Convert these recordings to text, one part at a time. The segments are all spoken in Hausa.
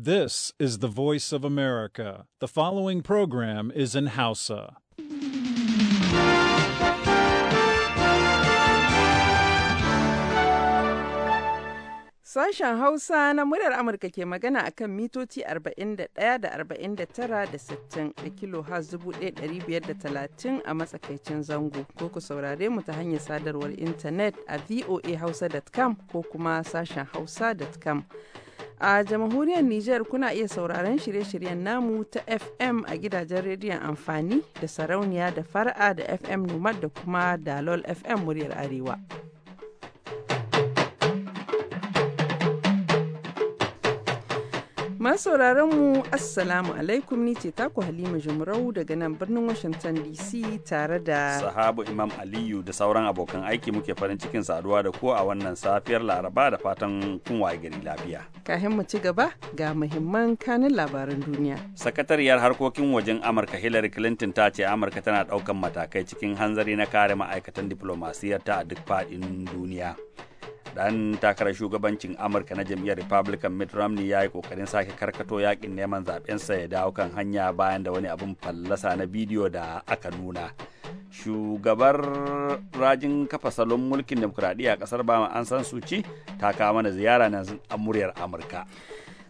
This is the voice of America. The following program is in Hausa. Sashen Hausa na muryar Amurka ke magana a kan mitoci 41 da 49 da 60 da kilo has 1530 a matsakaicin zango ko ku saurare mu ta hanyar sadarwar intanet a voahausa.com ko kuma sashen hausa.com. A jamhuriyar niger kuna iya sauraron shirye-shiryen namu ta FM a gidajen rediyon amfani da sarauniya da fara'a da FM numar da kuma Dalol FM muryar Arewa. Masauraran mu Assalamu alaikum ni ce taku Halima Jumrau daga nan birnin Washington DC tare da Sahabu Imam Aliyu da sauran abokan aiki muke farin cikin saduwa da ko a wannan safiyar Laraba da fatan kun gari lafiya. Kahin mu ci gaba ga muhimman kanun labaran duniya. Sakatariyar harkokin wajen Amurka Hillary Clinton ta ce Amurka tana daukan matakai cikin hanzari na kare ma'aikatan diplomasiyar ta a duk faɗin duniya. dan takarar shugabancin amurka na jam'iyyar republican mitt romney ya yi kokarin sake karkato yakin neman zaɓensa ya dawo kan hanya bayan da wani abin fallasa na bidiyo da aka nuna shugabar rajin kafa salon mulkin demokuraɗiyya a ƙasar bama an san suci ta kawo mana ziyara nan amuryar amurka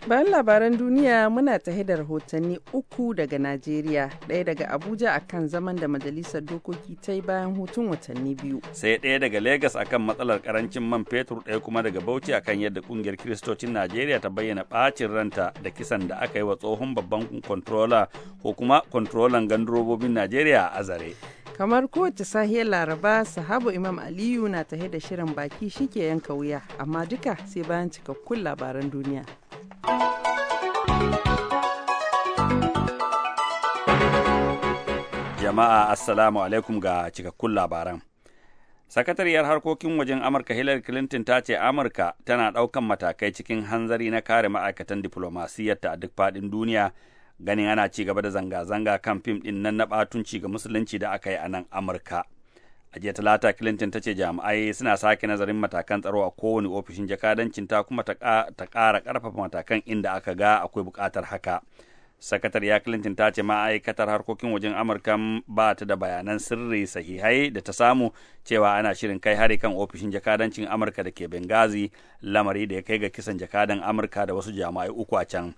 Bayan labaran duniya muna tahe da rahotanni uku daga Najeriya, daya daga Abuja akan zaman da Majalisar Dokoki ta yi bayan hutun watanni biyu. Sai ɗaya daga Legas akan matsalar karancin man fetur ɗaya kuma daga Bauchi akan yadda ƙungiyar Kiristocin Najeriya ta bayyana ɓacin ranta da kisan da aka yi wa tsohon babban kontrola ko kuma kontrolan gandurobobin Najeriya a zare kamar kowace sahiyar laraba sahabu imam aliyu na tahe da shirin baki shi ke yanka wuya amma duka sai bayan cikakkun labaran duniya Jama'a Assalamu alaikum ga cikakkun labaran. Sakatariyar harkokin wajen Amurka Hillary Clinton ta ce Amurka tana ɗaukan matakai cikin hanzari na kare ma'aikatan diflomasiyyarta a duk faɗin duniya ganin ana ci gaba da zanga-zanga kan fim ɗin nan na ɓatunci ga musulunci da aka yi a nan Amurka. a jiya talata clinton ta ce jami'ai suna sake nazarin matakan tsaro a kowane ofishin jakadancin ta kuma ta ƙara ƙarfafa matakan inda aka ga akwai buƙatar haka sakatariya clinton ta ce ma'aikatar harkokin wajen amurka ba ta da bayanan sirri sahihai da ta samu cewa ana shirin kai hari kan ofishin jakadancin amurka da ke bengazi lamari da ya kai ga kisan jakadan amurka da wasu jami'ai uku a can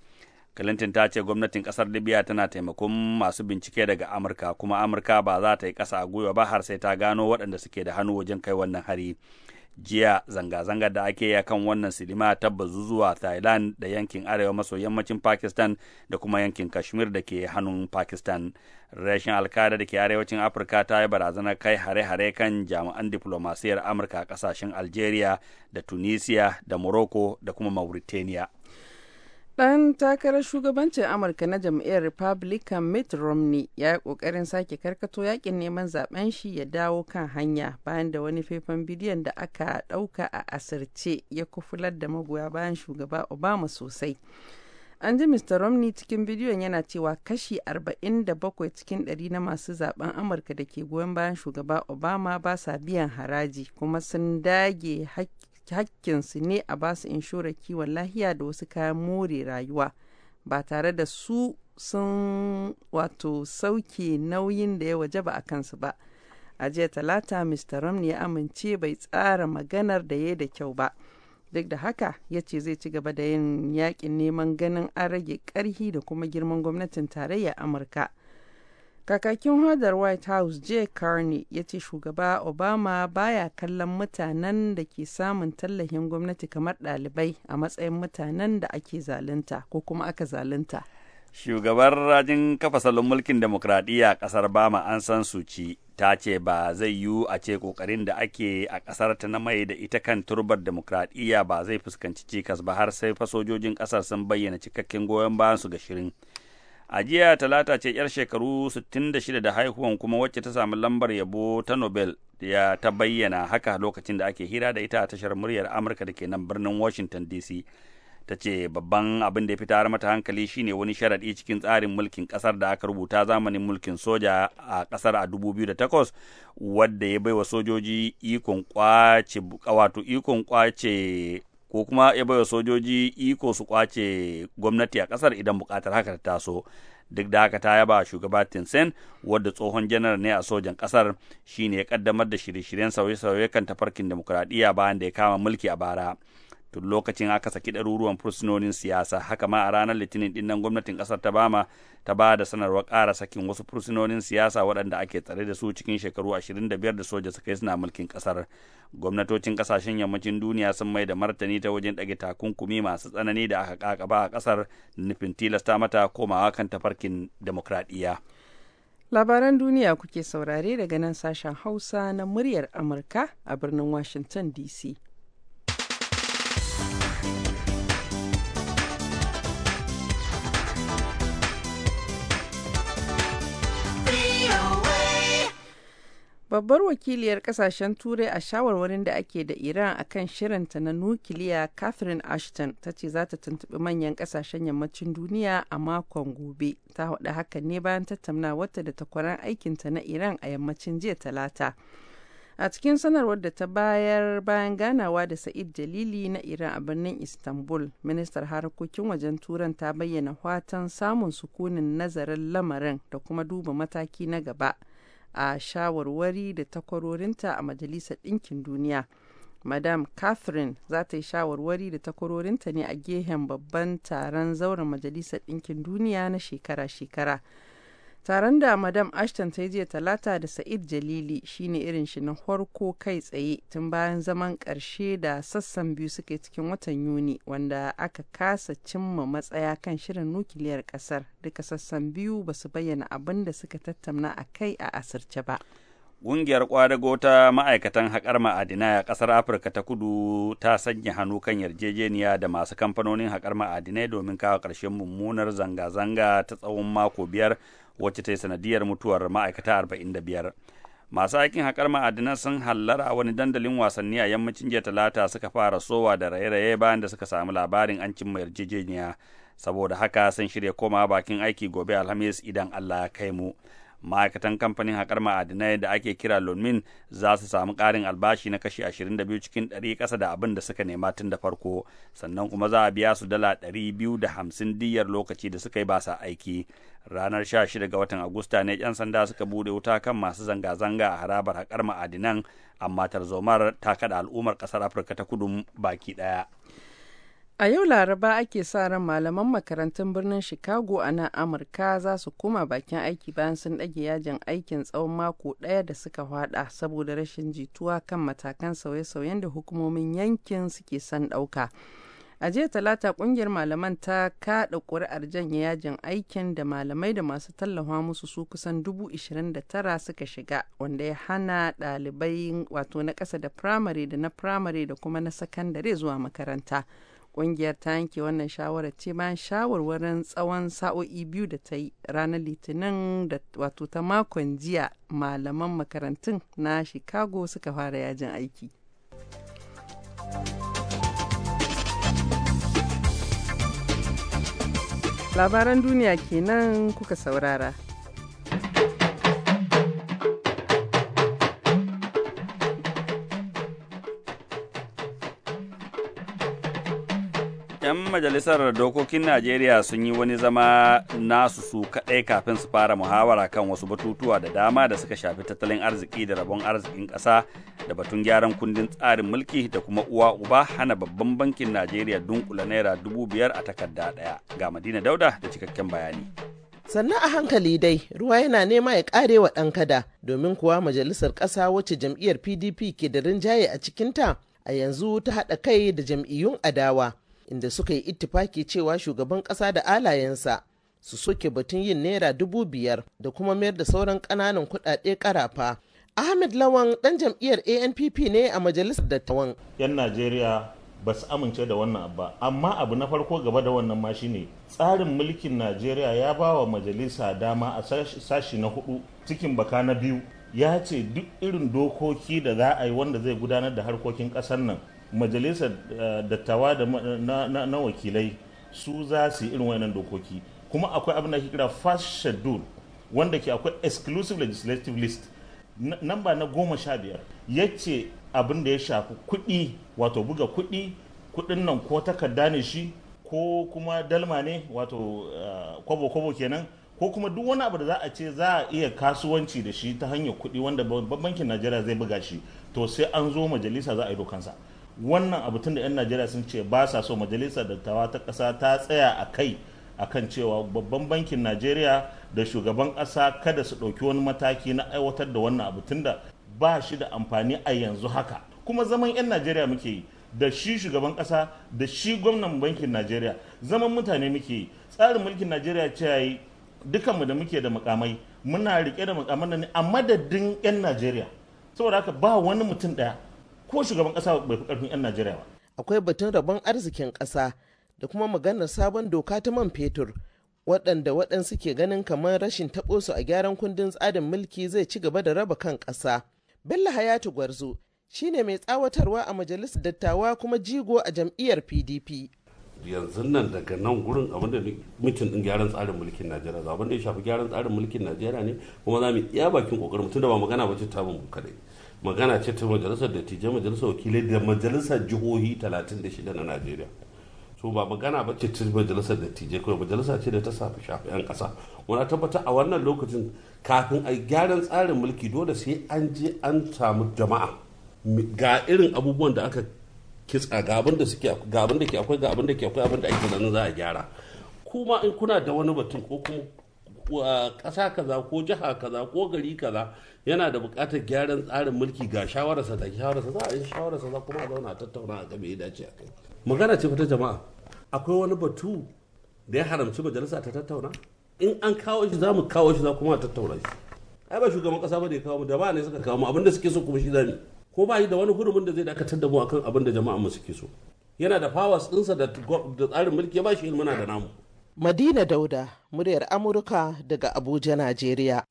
Clinton ta ce gwamnatin kasar Libya tana taimakon masu bincike daga Amurka kuma Amurka ba za ta yi kasa a gwiwa ba har sai ta gano waɗanda suke da hannu wajen kai wannan hari. Jiya zanga-zangar da ake yi kan wannan silima tabbazu zuwa Thailand da yankin arewa maso yammacin Pakistan da kuma yankin Kashmir da ke hannun Pakistan. Rashin alkada da ke arewacin Afirka ta yi barazanar kai hare-hare kan jami'an diplomasiyar Amurka a ƙasashen Algeria da Tunisia da Morocco da kuma Mauritania. Dan takarar shugabancin Amurka na jam'iyyar Republican Mitt Romney ya yi ƙoƙarin sake karkato yakin neman zaben shi ya dawo kan hanya bayan da wani faifan bidiyon da aka ɗauka a asirce ya kufular da magoya bayan shugaba Obama sosai. An ji Mr. Romney cikin bidiyon yana cewa kashi 47 cikin 100 na masu zaben Amurka da ke goyon bayan shugaba Obama ba sa biyan haraji kuma sun dage hakkinsu ne a basu inshorar kiwon lahiya da wasu kayan more rayuwa ba tare da su sun wato sauke nauyin da ya waje ba a kansu ba a jiya talata mr romney ya amince bai tsara maganar da ya da kyau ba duk da haka ya ce zai ci gaba da yin yakin neman ganin an rage ƙarhi da kuma girman gwamnatin tarayyar amurka Kakakin hodar White House Jay Carney ya ce shugaba Obama baya kallon mutanen da ke samun tallafin gwamnati kamar dalibai a matsayin mutanen da ake zalunta ko kuma aka zalunta. Shugabar rajin kafa salon mulkin demokradiyya a ƙasar Bama an san su ci ta ce ba zai yiwu a ce ƙoƙarin da ake a kasar ta na mai da ita kan turbar demokradiyya ba zai fuskanci cikas ba har sai fasojojin sojojin ƙasar sun bayyana cikakken goyon bayan su ga shirin. a jiya talata ce yar shekaru 66 da haihuwan kuma wacce ta samu lambar yabo ta nobel ya ta bayyana haka lokacin da ake hira da ita a tashar muryar amurka da ke nan birnin washington dc ta ce babban abin da ya fitar mata hankali shine wani sharaɗi cikin tsarin mulkin ƙasar da aka rubuta zamanin mulkin soja a ƙasar a 2008 wadda ya baiwa sojoji ikon kwace wato ikon kwace ko kuma ya baiwa sojoji iko su kwace gwamnati a kasar idan bukatar haka ta taso duk da haka ta yaba shugaba Tinsen wadda tsohon janar ne a sojan kasar shine ya kaddamar da shirye-shiryen sauye-sauye kan tafarkin demokuraɗiyya bayan da ya kama mulki a bara tun lokacin aka saki ɗaruruwan fursunonin siyasa haka ma a ranar litinin dinnan gwamnatin ƙasar ta bama ta ba da sanarwar ƙara sakin wasu fursunonin siyasa waɗanda ake tsare da su cikin shekaru 25 da soja suka yi suna mulkin ƙasar gwamnatocin ƙasashen yammacin duniya sun mai da martani ta wajen ɗage takunkumi masu tsanani da aka kakaba a ƙasar nufin tilasta mata komawa kan tafarkin demokradiyya labaran duniya kuke saurare daga nan sashen hausa na muryar amurka a birnin washington dc Babbar wakiliyar kasashen Turai a shawarwarin da ake da Iran a kan shirinta na nukiliya Catherine Ashton ta ce za ta tuntuɓi manyan kasashen yammacin duniya a makon gobe. Ta haɗa hakan ne bayan tattaunawar da takwaran aikinta na Iran a yammacin jiya talata. A cikin sanarwar da ta bayar bayan ganawa da Said Jalili na Iran a birnin Istanbul, ministar harkokin wajen Turan ta bayyana watan samun sukunin nazarin lamarin da kuma duba mataki na gaba a shawarwari da takwarorinta a Majalisar Ɗinkin Duniya. Madam Catherine za ta yi shawarwari da takwarorinta ne a gehen babban taron zauren Majalisar Ɗinkin Duniya na shekara-shekara. Taron da Madam Ashton ta yi jiya Talata da Sa'id Jalili shine irin shi na farko kai tsaye tun bayan zaman karshe da sassan biyu suke cikin watan Yuni wanda aka kasa cimma matsaya kan shirin nukiliyar kasar Duka sassan biyu ba su bayyana abin da suka tattauna a kai a asirce ba. Ƙungiyar ƙwadago ta ma'aikatan haƙar ma'adinai a ƙasar Afirka ta kudu ta sanya hannu kan yarjejeniya da masu kamfanonin haƙar ma'adinai domin kawo ƙarshen mummunar zanga-zanga ta tsawon mako biyar wacce ta yi sanadiyar mutuwar ma'aikata arba'in da biyar. Masu aikin haƙar ma'adinan sun hallara a wani dandalin wasanni a yammacin jiya talata suka fara sowa da raye-raye bayan da suka samu labarin an cimma yarjejeniya. Saboda haka sun shirya koma bakin aiki gobe Alhamis idan Allah ya kai mu. ma'aikatan kamfanin haƙar ma'adinai da ake kira lomin za su samu ƙarin albashi na kashi 22 cikin 100 ƙasa da abin da suka nema tun da farko sannan kuma za a biya su dala 250 diyar lokaci da suka yi ba sa aiki ranar 16 ga watan agusta ne 'yan sanda suka bude wuta kan masu zanga-zanga a harabar haƙar ma'adinan amma tarzomar ta kada al'ummar ƙasar afirka ta kudu baki ɗaya A yau Laraba ake sa ran malaman makarantun birnin Chicago a nan Amurka za su koma bakin aiki bayan sun ɗage yajin aikin tsawon mako ɗaya da suka hwada saboda rashin jituwa kan matakan sauye-sauyen da hukumomin yankin suke son ɗauka. A jiya talata kungiyar malaman ta kaɗa ƙuri'ar janye yajin aikin da malamai da masu tallafa musu su kusan dubu ishirin da tara suka shiga wanda ya hana ɗalibai wato na ƙasa da firamare da na firamare da kuma na sakandare zuwa makaranta. Ƙungiyar ta yanke wannan shawarar ce bayan shawarwarin tsawon sa'o'i biyu da ta yi ranar Litinin da wato ta makon jiya malaman makarantun na Chicago suka fara yajin aiki. Labaran duniya kenan kuka saurara. majalisar dokokin Najeriya sun yi wani zama nasu su kaɗai kafin su fara muhawara kan wasu batutuwa da dama da suka shafi tattalin arziki da rabon arzikin ƙasa da batun gyaran kundin tsarin mulki da kuma uwa uba hana babban bankin Najeriya dunkula naira dubu biyar a takarda ɗaya. Ga Madina Dauda da cikakken bayani. sannan a hankali dai ruwa yana nema ya kare wa ɗan kada domin kuwa majalisar ƙasa wacce jam'iyyar pdp ke da rinjaye a cikinta a yanzu ta haɗa kai da jam'iyyun adawa inda suka yi ittifaki cewa shugaban ƙasa da alayensa su soke batun yin naira dubu biyar da kuma mayar da sauran ƙananan kuɗaɗe ƙarafa ahmed lawan ɗan jam'iyyar anpp ne a majalisar dattawan yan najeriya ba su amince da wannan abu, amma abu na farko gaba da wannan ma shine tsarin mulkin najeriya ya ba wa majalisa dama a sashi na hudu cikin baka na biyu ya ce duk irin dokoki da za a yi wanda zai gudanar da harkokin ƙasar nan majalisar eh, dattawa da na wakilai su za su yi irin wannan dokoki kuma akwai abin da ake kira fast schedule wanda ke akwai exclusive legislative list namba na goma sha biyar ya ce abin da ya shafi kuɗi wato buga kuɗi kuɗin nan ko takarda ne shi ko kuma dalma ne wato kwabo-kwabo eh, kenan ko kuma duk wani abu da za a ce za a iya kasuwanci da shi ta hanyar kuɗi wanda bankin najeriya zai buga shi to sai an zo majalisa za a yi dokansa wannan abu tun da 'yan najeriya sun ce ba sa so majalisar dattawa ta ƙasa ta tsaya a kai a kan cewa babban bankin najeriya da shugaban ƙasa kada su ɗauki wani mataki na aiwatar da wannan abu da ba shi da amfani a yanzu haka kuma zaman 'yan najeriya muke yi da shi shugaban ƙasa da shi gwamnan bankin najeriya zaman mutane muke yi tsarin mulkin najeriya ce ya yi dukanmu da muke da mukamai muna rike da mukamai ne a madadin 'yan najeriya saboda haka ba wani mutum ɗaya ko shugaban ƙasa bai fi ƙarfin 'yan Najeriya ba. Akwai batun rabon arzikin ƙasa da kuma maganar sabon doka ta man fetur waɗanda waɗansu ke ganin kamar rashin taɓo su a gyaran kundin tsarin mulki zai ci gaba da raba kan ƙasa. Bello Hayatu Gwarzo shi ne mai tsawatarwa a majalisar dattawa kuma jigo a jam'iyyar PDP. Yanzu nan daga nan gurin abin da mitin din gyaran tsarin mulkin Najeriya zaɓen da ya shafi gyaran tsarin mulkin Najeriya ne kuma za mu iya bakin kokarin mutum da ba magana ba ce ta mu kadai. magana ce ta majalisar dattijai majalisar wakilai da majalisar jihohi 36 na najeriya so ba magana ba ce ta majalisar dattijai kawai majalisa ce da ta safi shafi 'yan kasa wani tabbata a wannan lokacin kafin a gyaran tsarin mulki dole sai an je an samu jama'a ga irin abubuwan da aka kitsa ga da ke akwai ga da ke akwai abin da ake nan za a gyara kuma in kuna da wani batun ko kuma ƙasa kaza ko jiha kaza ko gari kaza yana da buƙatar gyaran tsarin mulki ga shawararsa da shawararsa za a yi shawararsa za kuma a zauna a tattauna a game ya dace a kai magana ce ta jama'a akwai wani batu da ya haramci majalisa ta tattauna in an kawo shi za mu kawo shi za kuma a tattauna shi ai ba shugaban ƙasa ba da ya kawo mu da ba ne suka kawo mu abin da suke so kuma shi zani ko ba yi da wani hurumin da zai dakatar da mu akan abin da jama'a mu suke so yana da powers ɗinsa da tsarin mulki ya ba shi ilmuna da namu Madina Dauda, muryar Amurka daga Abuja, Najeriya.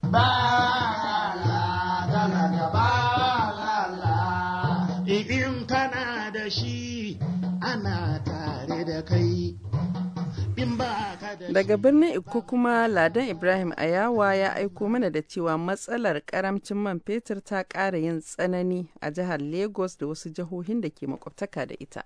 kana da shi ana kai. Daga birnin Ikko kuma Ladan Ibrahim Ayawa ya aiko mana da cewa matsalar karamcin man fetur ta ƙara yin tsanani a jihar Lagos da wasu jihohin da ke makwabtaka da ita.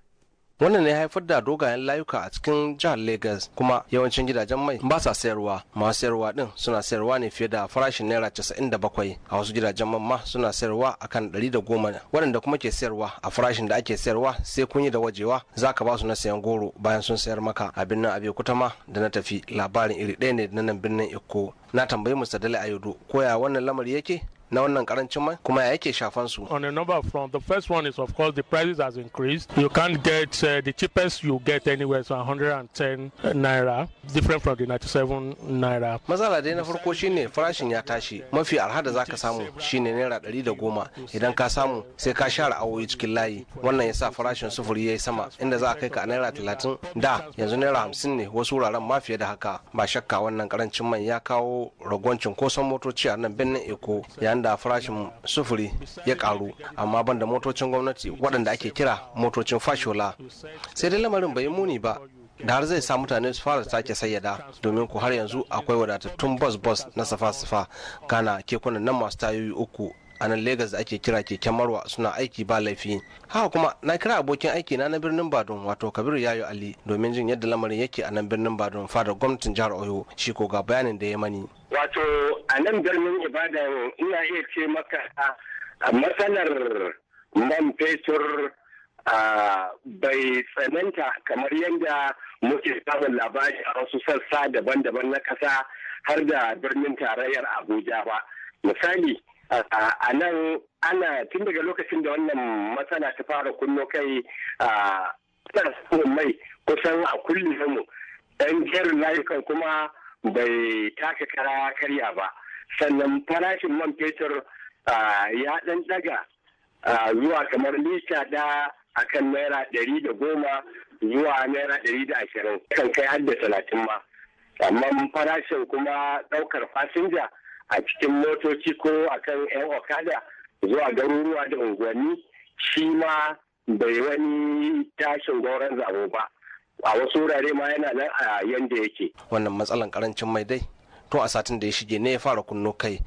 wannan ne haifar da dogayen layuka a cikin jihar lagos kuma yawancin gidajen mai ba sa sayarwa masu sayarwa din suna sayarwa ne fiye da farashin naira casa'in da bakwai a wasu gidajen man ma suna sayarwa akan ɗari da goma waɗanda kuma ke sayarwa a farashin da ake sayarwa sai kun yi da wajewa za ka ba su na sayan goro bayan sun sayar maka a birnin kuta ma da na tafi labarin iri ɗaya ne na nan birnin eko na tambayi musa dala ayodo ya wannan lamari yake na wannan karancin mai kuma ya yake shafan su on a number of front the first one is of course the prices has increased you can't get uh, the cheapest you get anywhere so 110 naira different from the 97 naira matsala dai na farko shine farashin ya tashi mafi arha zaka samu shine naira 110 idan ka samu sai ka share awoyi cikin layi wannan yasa farashin sufuri yayi sama inda za a kai ka naira 30 da yanzu naira 50 ne wasu wuraren ma fiye da haka ba shakka wannan karancin man ya kawo ragwancin kosan motoci a nan birnin eko ya yayin da farashin sufuri ya karu amma ban da motocin gwamnati waɗanda ake kira motocin fashola sai dai lamarin bai muni ba da har zai sa mutane su fara sake sayyada domin ku har yanzu akwai wadatattun bus bus na safa-safa gana kekunan nan masu tayoyi uku a nan Legas da ake kira keken Marwa suna aiki ba laifi. Haka kuma na kira abokin aiki na na birnin Badon wato Kabiru Yayo Ali domin jin yadda lamarin yake a nan birnin Badon fadar gwamnatin jihar Oyo shi ko ga bayanin da ya mani. Wato a nan birnin Ibadan ina iya ce maka a matsalar man fetur bai tsananta kamar yadda muke samun labari a wasu sassa daban-daban na kasa har da birnin tarayyar Abuja ba. Misali a nan ana tun daga lokacin da wannan matsala ta fara kunno kai a samun mai kusan a kullum mu dan jerin layukan kuma bai taka kara karya ba sannan farashin man fetur ya dan daga zuwa kamar lita da akan naira ɗari da goma zuwa naira ɗari da ashirin kan kai har da talatin ma amma farashin kuma ɗaukar fasinja a cikin motoci ko a kan 'yan okada zuwa garuruwa da unguwanni shi ma bai wani tashin gauran zabo ba a wasu wurare ma yana nan a yanda yake wannan matsalan karancin mai dai tun a satin da ya shige ne ya fara kunno kai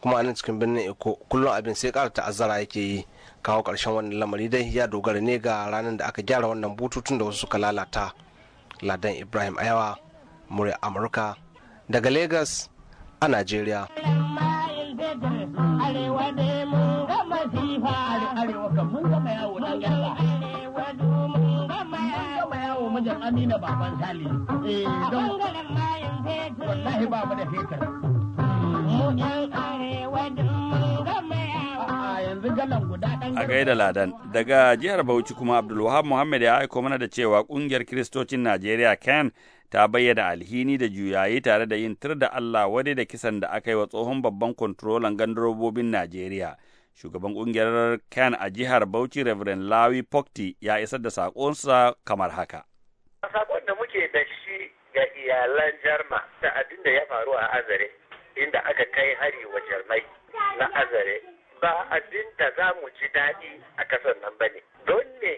kuma a nan cikin birnin eko kullum abin sai kara ta'azzara yake yi kawo ƙarshen wannan lamari dai ya dogara ne ga ranar da aka gyara wannan bututun da wasu suka lalata ladan ibrahim ayawa murya amurka daga lagos a Najeriya. a da Ladan, daga jihar Bauchi kuma Abdulwahab Muhammad ya aiko mana da cewa kungiyar Kiristocin Najeriya Ken ta bayyana alhini da juyayi tare da yin tir da Allah wadai da kisan da aka yi wa tsohon babban kontrolan gandarobobin Najeriya. Shugaban ƙungiyar Ken a jihar Bauchi Reverend Lawi Pokti ya isar da saƙonsa kamar haka. Saƙon da muke da shi ga iyalan Jarma da abin da ya faru a Azare, inda aka kai hari wa Jarmai na Azare, ba abin da za mu ji daɗi a ƙasar nan ba ne. Don ne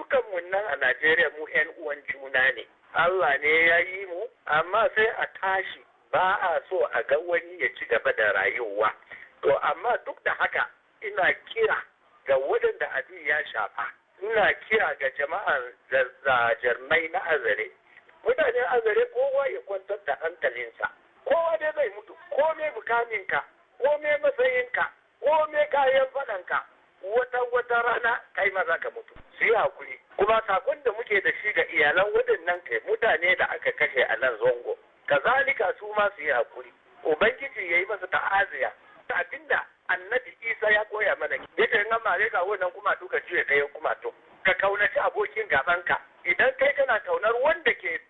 dukanmu nan a Najeriya mu 'yan uwan juna ne. Allah ne ya yi mu, amma sai a tashi ba a so a ga wani ya ci gaba da rayuwa. To amma duk da haka ina kira ga waɗanda abin ya shafa. Ina kira ga jama'ar jarmai na azare. Mutanen azare kowa ya kwantar da hankalinsa. Kowa dai zai mutu, ko me bukaminka, ko me masayinka ko me kayan faɗanka, wata wata rana kai ma za ka mutu. su yi hakuri kuma sakon da muke da shi ga iyalan waɗannan kai mutane da aka kashe a nan zongo kazalika su ma su yi hakuri ubangiji ya yi masa ta'aziya ta abinda annabi isa ya koya mana ya ce an ma ka wannan kuma duka juya ɗaya kuma to ka kaunaci abokin gabanka idan kai kana kaunar wanda ke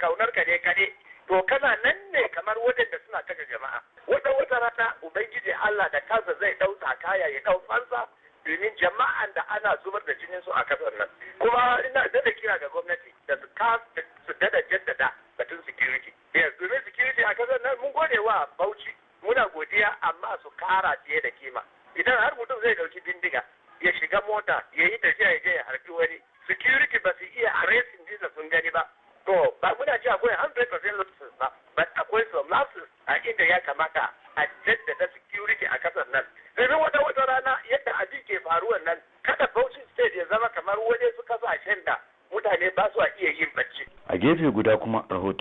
kaunar ka ne to kana nan ne kamar waɗanda suna kashe jama'a wata wata rana ubangiji allah da kansa zai ɗau kaya ya ɗau fansa domin jama'an da ana zubar da jinin su a kasar nan kuma ina da kira ga gwamnati da su su dada jaddada batun security yes domin security a kasar nan mun gode wa bauchi muna godiya amma su kara fiye da kima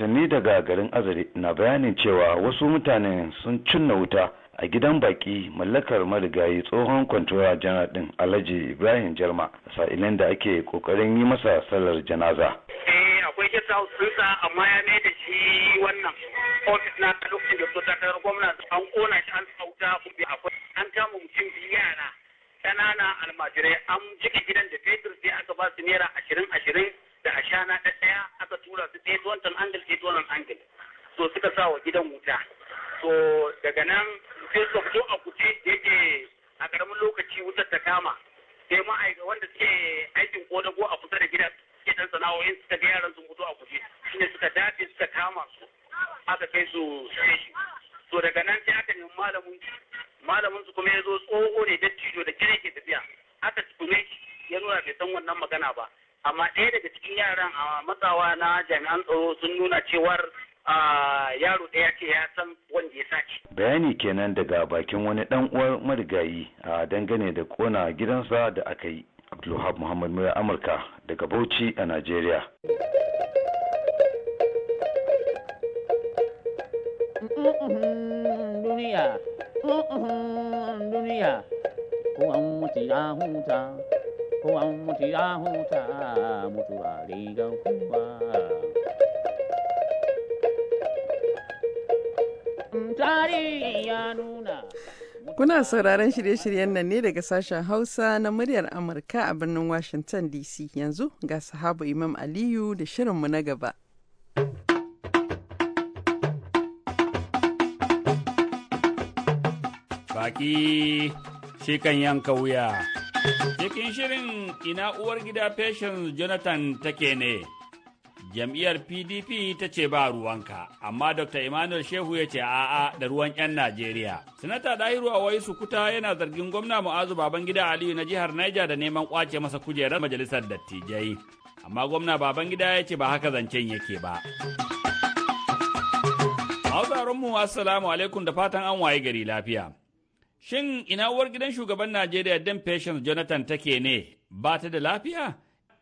rahotanni daga garin azare na bayanin cewa wasu mutane sun cinna wuta a gidan baki mallakar marigayi tsohon kwantowa jana din alhaji ibrahim jarma sa'ilin da ake kokarin yi masa sallar janaza eh, akwai guest house amma ya mai da shi wannan ofis na lokacin da su tattar gwamna an kona shi an sauta akwai an kama mutum yara ƙanana almajirai an jika gidan da fetur sai aka ba su naira ashirin ashirin da ashana ɗaya aka tura su ɗaya ta tan angle ɗaya ta angle so suka sa wa gidan wuta so daga nan sai su fito a kuce da yake a ƙaramin lokaci wutar ta kama sai ma'aika wanda suke aikin go a kusa da gidan suke ɗan sana'o'in suka ga yaran sun fito a kuce shine suka dace suka kama su aka kai su station so daga nan sai aka nemi malamin malamin su kuma ya zo tsoho ne da dattijo da kire ke tafiya aka tsume shi ya nuna bai san wannan magana ba amma ɗaya daga cikin yaran a matsawa na jami'an tsaro sun nuna cewar yaro ɗaya ce ya san wanda ya sace. Bayani kenan daga bakin wani ɗan uwar marigayi a dangane da kona gidansa da aka yi. Abdulhab Muhammad Mura Amurka daga Bauchi a Najeriya. Duniya, duniya, ko an mutu ya huta. kowa Kuna sauraron shirye-shiryen nan ne daga sashen Hausa na muryar Amurka a birnin Washington DC yanzu ga sahabu Imam Aliyu da shirinmu na gaba. Baki shi kan yanka wuya. Cikin shirin ina uwar gida Patience Jonathan take ne, jam'iyyar PDP ta ce ba ruwanka, amma Dr. Emmanuel Shehu ya ce a'a da ruwan 'yan Najeriya. Sanata Dahiru Awai Sukuta yana zargin gwamna Mu'azu Babangida Aliyu na jihar Niger da neman kwace masa kujerar majalisar dattijai. Amma gwamna Babangida ya ce ba haka zancen yake ba. mu Assalamu alaikum da fatan an waye gari lafiya. Shin ina uwar gidan shugaban Najeriya Dan Patience Jonathan take ne ba ta da lafiya?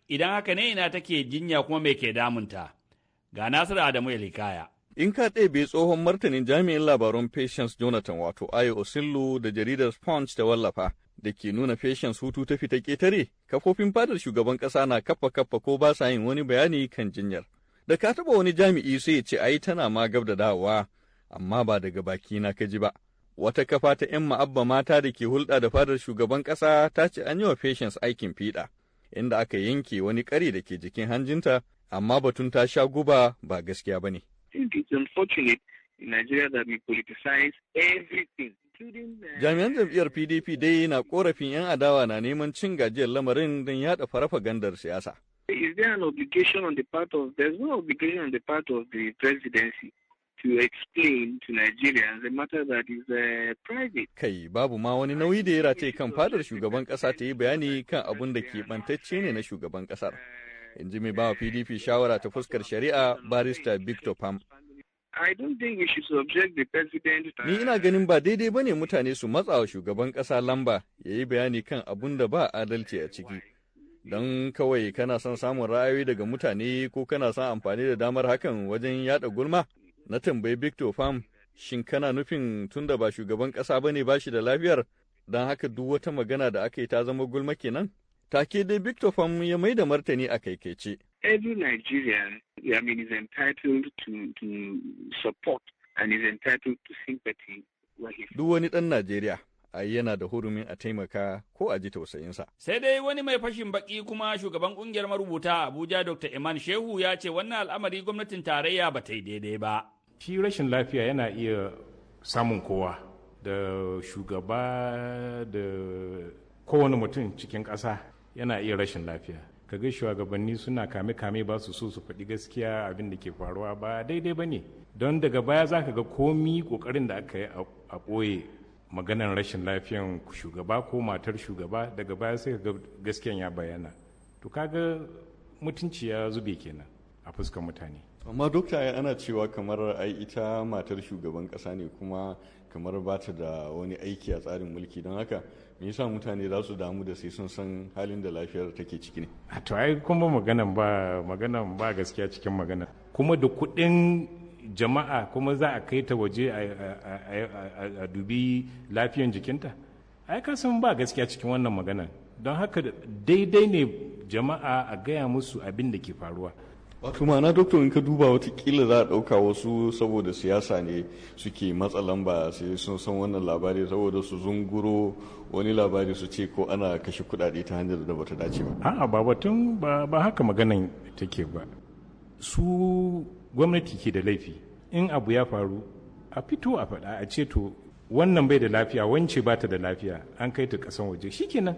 Idan haka ne ina take jinya kuma me ke damunta? Ga Nasiru Adamu ya Elikaya. In ka ɗebe tsohon martanin jami'in labarun Patience Jonathan wato Ayo Osillo da jaridar Sponge ta wallafa da ke nuna Patience hutu ta fita ƙetare, kafofin fadar shugaban ƙasa na kafa kafa ko ba sa yin wani bayani kan jinyar. Da ka taɓa wani jami'i sai ya ce ai tana ma gab da dawowa, amma ba daga baki na ka ji ba. Wata kafa ta 'yan ma'abba mata da ke hulɗa da fadar shugaban ƙasa ta ce an yi wa Patience aikin fiɗa, inda aka yanke wani ƙari da ke jikin hanjinta, amma batun ta sha guba ba gaskiya ba ne. Jami'an jam'iyyar PDP dai na korafin 'yan adawa na neman cin gajiyar lamarin don yada gandar siyasa. Is there an obligation the presidency. to explain to Nigerians a matter that is uh, private. Kai babu ma wani nauyi da ya rataye kan fadar shugaban kasa ta yi bayani kan abun da ke bantacce ne na shugaban kasar. In ji mai bawa PDP shawara ta fuskar shari'a barista Victor Pam. Ni ina ganin ba daidai bane mutane su matsa wa shugaban ƙasa lamba ya yi bayani kan abun da ba adalci a ciki. Don kawai kana son samun ra'ayoyi daga mutane ko kana son amfani da damar hakan wajen yada gulma? Na tambayi Victor Farm, shin kana nufin tunda ba shugaban ƙasa ba ne ba shi da lafiyar, don haka duk wata magana da aka yi ta zama gulma kenan? Take dai Victor Farm ya mai da martani a kaikaice. Every Nigerian, I mean, entitled to, support and is entitled to sympathy. Duk wani ɗan Najeriya, ai yana da hurumin a taimaka ko a ji tausayinsa. Sai dai wani mai fashin baki kuma shugaban kungiyar marubuta Abuja Dr. Iman Shehu ya ce wannan al'amari gwamnatin tarayya ba ta yi daidai ba. shi rashin lafiya yana iya samun kowa da shugaba da kowane mutum cikin ƙasa yana iya rashin lafiya kaga shugabanni suna kame-kame ba su so su faɗi gaskiya abin da ke faruwa ba daidai ba ne don daga baya za ka ga komi ƙoƙarin da aka yi a ɓoye maganar rashin lafiyan shugaba ko matar shugaba daga baya sai ga gaskiyan ya bayana to kaga mutunci ya zube kenan a fuskar mutane amma dokta ana cewa kamar ai ita matar shugaban kasa ne kuma kamar ba ta da wani aiki a tsarin mulki don haka me yasa mutane za su damu da sai sun san halin da lafiyar take ciki ne to ai kuma maganan ba maganan ba gaskiya cikin magana kuma da kuɗin jama'a kuma za a kai ta waje a dubi lafiyan jikinta ai ka san ba gaskiya cikin wannan magana don haka daidai ne jama'a a gaya musu abin da ke faruwa wato ma'ana doktor in ka duba watakila za a dauka wasu saboda siyasa ne suke matsa lamba sai sun san wannan labari saboda su zunguro wani labari su ce ko ana kashe kudade ta hanyar da bata dace ba a'a ba batun ba haka maganan take ba su gwamnati ke da laifi in abu ya faru a fito a faɗa a ce to wannan bai da lafiya wance ba ta da lafiya an kai ta ƙasan waje shi shikenan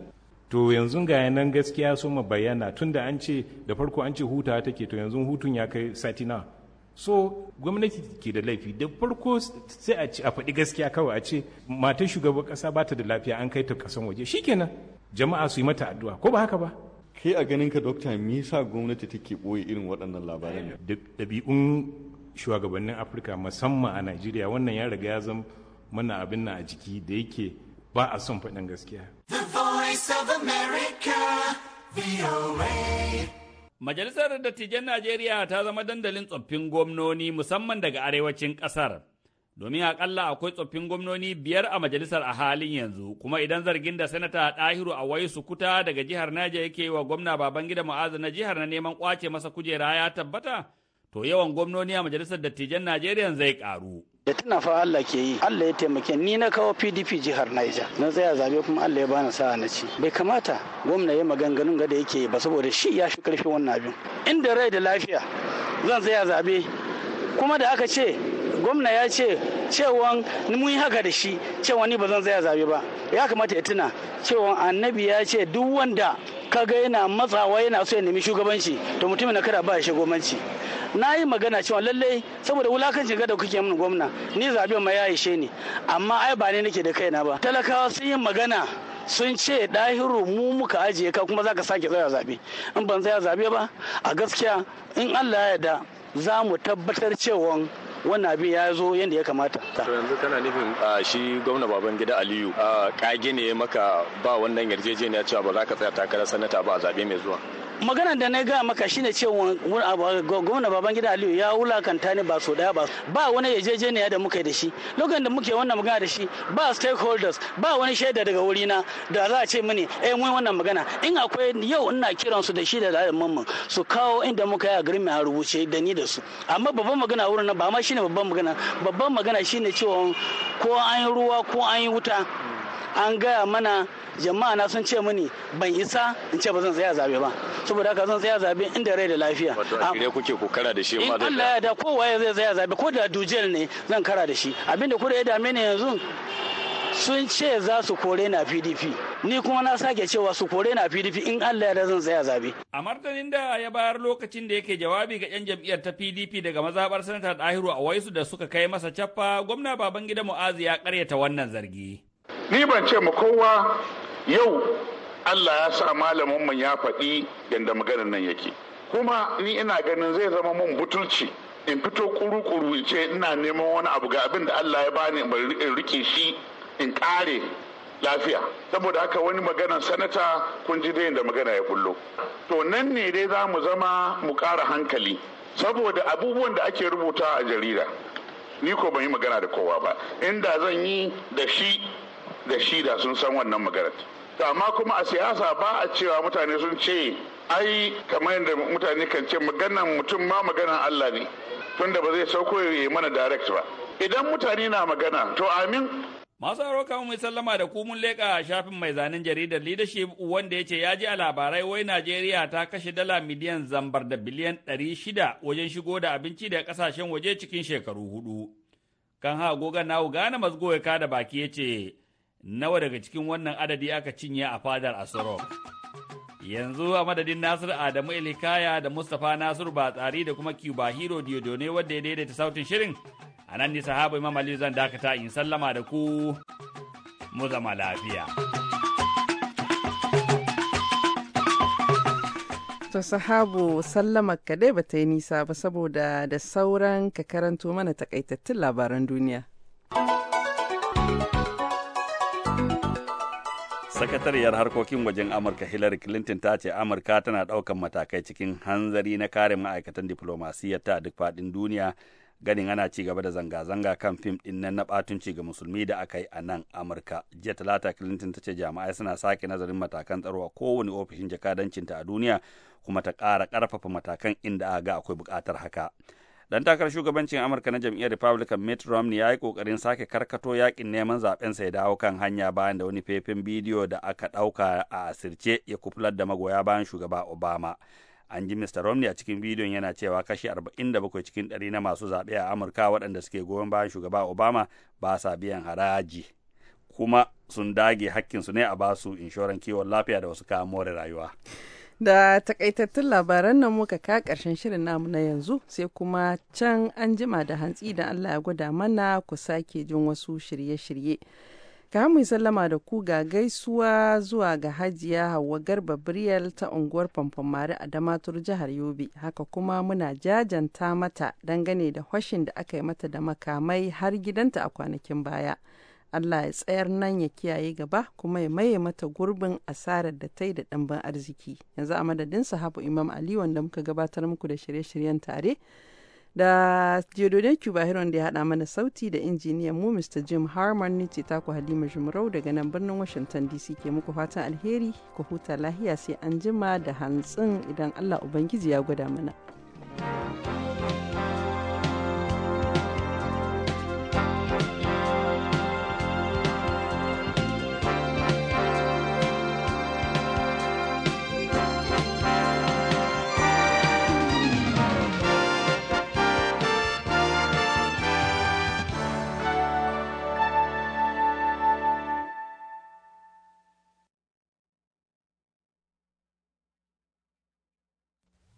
to yanzu ga nan gaskiya so ma bayyana tunda an ce da farko an ce hutawa take to yanzu hutun ya kai sati na so gwamnati ke da laifi da farko sai a ce a faɗi gaskiya kawai a ce matan shugaban ƙasa ba ta da lafiya an kai ta ƙasan waje shikenan jama'a su yi mata addu'a ko ba haka ba kai a ganin ka dokta me yasa gwamnati take ɓoye irin waɗannan labaran da shugabannin afirka musamman a najeriya wannan ya riga ya zama mana abin na a jiki da yake ba a son faɗin gaskiya Voice of America, VOA. Majalisar Dattijan Najeriya ta zama dandalin tsoffin gwamnoni musamman daga arewacin ƙasar. Domin akalla akwai tsoffin gwamnoni biyar a majalisar a halin yanzu, kuma idan zargin da Sanata Ɗahiru a su kuta daga jihar Naja yake wa gwamna Babangida Mu'azu na jihar na neman kwace masa kujera ya tabbata, to yawan gwamnoni a majalisar dattijan Najeriya zai ƙaru. da tana fa Allah ke yi Allah ya taimake ni na kawo PDP jihar Niger na tsaya zabe kuma Allah ya bani sa'a na ci bai kamata gwamna ya maganganun ga da yake ba saboda shi ya shi karfi wannan abin inda rai da lafiya zan tsaya zabe kuma da aka ce gwamna ya ce cewa mun yi haka da shi cewa ni ba zan tsaya zabe ba ya kamata ya tuna cewa annabi ya ce duk wanda ka kaga yana matsawa yana so ya nemi shugabanci to mutumin na kada ba shi shugabanci na yi magana cewa lallai saboda wulakancin gada kuke min gwamna ni zaben ma ya ishe ni amma ai ba ne nake da kaina ba talakawa sun yi magana sun ce dahiru mu muka ajiye ka kuma zaka sake tsaya zabe in ban tsaya zaɓe ba a gaskiya in Allah ya yarda za mu tabbatar cewa wannan abin ya zo yadda ya kamata to yanzu kana nufin shi gwamna baban gida aliyu kage ne maka ba wannan yarjejeniya cewa ba za ka tsaya takara sanata ba a zabe mai zuwa magana da na gaya maka shine cewa gwamna baban gida aliyu ya wulakanta ne ba so daya ba ba wani yarjejeniya da muka yi da shi lokacin da muke wannan magana da shi ba stakeholders ba wani shaida daga wurina da za a ce mini eh mun wannan magana in akwai yau ina kiran su da shi da mamman su kawo inda muka yi agreement a rubuce da ni da su amma babban magana wurin na ba ma shine babban magana babban magana shine cewa ko an yi ruwa ko an yi wuta an gaya mana jama'a na sun ce mini ban isa in ce ba zan tsaya zabe ba saboda haka zan tsaya zabe inda rai da lafiya wato a kuke ku kara da shi ma da Allah ya da kowa zai tsaya zabe ko da dujel ne zan kara da shi abinda kuma ya dame ni yanzu sun ce za su kore na pdp ni kuma na sake cewa su kore na pdp in allah ya zan tsaya zabe a martanin da ya bayar lokacin da yake jawabi ga yan jam'iyyar ta pdp daga mazabar sanatar dahiru a waisu da suka kai masa cappa gwamna baban babangida mu'azu ya karyata wannan zargi ni ban ce mu kowa yau allah ya sa malamin mu ya faɗi yadda maganar nan yake kuma ni ina ganin zai zama mun butulci in fito kuru-kuru ce ina neman wani abu ga abin da Allah ya bani in rike shi in ƙare lafiya saboda haka wani maganan sanata kun ji da magana ya bullo to nan ne dai za mu zama mu ƙara hankali saboda abubuwan da ake rubuta a jarida ni ko ban yi magana da kowa ba inda zan yi da shi da shi da sun san wannan maganar amma kuma a siyasa ba a cewa mutane sun ce ai kamar yadda mutane kan ce maganan mutum ma maganan Allah ne tunda ba zai sauko ya mana direct ba idan mutane na magana to amin Masu aro kamu mai sallama da ku mun a shafin mai zanen jaridar leadership wanda ya ce ya ji a labarai wai Najeriya ta kashe dala miliyan zambar da biliyan ɗari shida wajen shigo da abinci da ƙasashen waje cikin shekaru hudu. Kan ha goga na gane mazgo ya kada baki ya ce nawa daga cikin wannan adadi aka cinye a fadar Asoro. Yanzu a madadin Nasir Adamu Ilikaya da Mustapha Nasiru Batsari da kuma Cuba Hero Diodone wadda ya daidaita sautin shirin a nan ne sahaba imam zan dakata in sallama da ku mu zama lafiya to sahabu sallama ka dai bata yi nisa ba saboda da sauran ka karanto mana takaitattun labaran duniya sakatariyar harkokin wajen amurka hillary clinton ta ce amurka tana ɗaukan matakai cikin hanzari na kare ma'aikatan diplomasiyyar ta duk faɗin duniya ganin ana ci gaba da zanga-zanga kan fim ɗin nan na batunci ga musulmi da aka yi a nan amurka jiya talata clinton ta ce jami'ai suna sake nazarin matakan tsaro a kowane ofishin jakadancinta a duniya kuma ta ƙara karfafa matakan inda aka ga akwai bukatar haka dan takarar shugabancin amurka na jam'iyyar republican mitt romney ya yi kokarin sake karkato yakin neman zaɓensa ya dawo kan hanya bayan da wani faifin bidiyo da aka ɗauka a asirce ya kufular da magoya bayan shugaba obama an ji Mr. Romney a cikin bidiyon yana cewa kashi 47 cikin ɗari na masu zaɓe a Amurka waɗanda suke goyon bayan shugaba Obama ba sa biyan haraji kuma sun dage su ne a basu inshoran kiwon lafiya da wasu kayan more rayuwa. Da takaitattun labaran nan muka ka karshen shirin namu na yanzu sai kuma can an jima da hantsi da Allah ya gwada mana ku sake jin wasu shirye-shirye. Ka mu sallama da ku ga gaisuwa zuwa ga Hajiya Hauwa Garba Biriyar ta unguwar Famfamari a Damatur jihar Yobe. Haka kuma muna jajanta mata dangane da hoshin da aka yi mata da makamai har gidanta a kwanakin baya. Allah ya tsayar nan ya kiyaye gaba kuma ya maye mata gurbin asarar da ta yi da ɗanban arziki. Yanzu a madadin sahabu Imam Ali wanda muka gabatar muku da shirye-shiryen tare. da Diodone Cubahiron da ya haɗa mana sauti da injiniyan mu Mr. Jim Harmon ne ce taku Halima Jumrau daga nan birnin Washington DC ke muku fatan alheri ku huta lahiya sai an jima da hantsin idan Allah Ubangiji ya gwada mana. thank you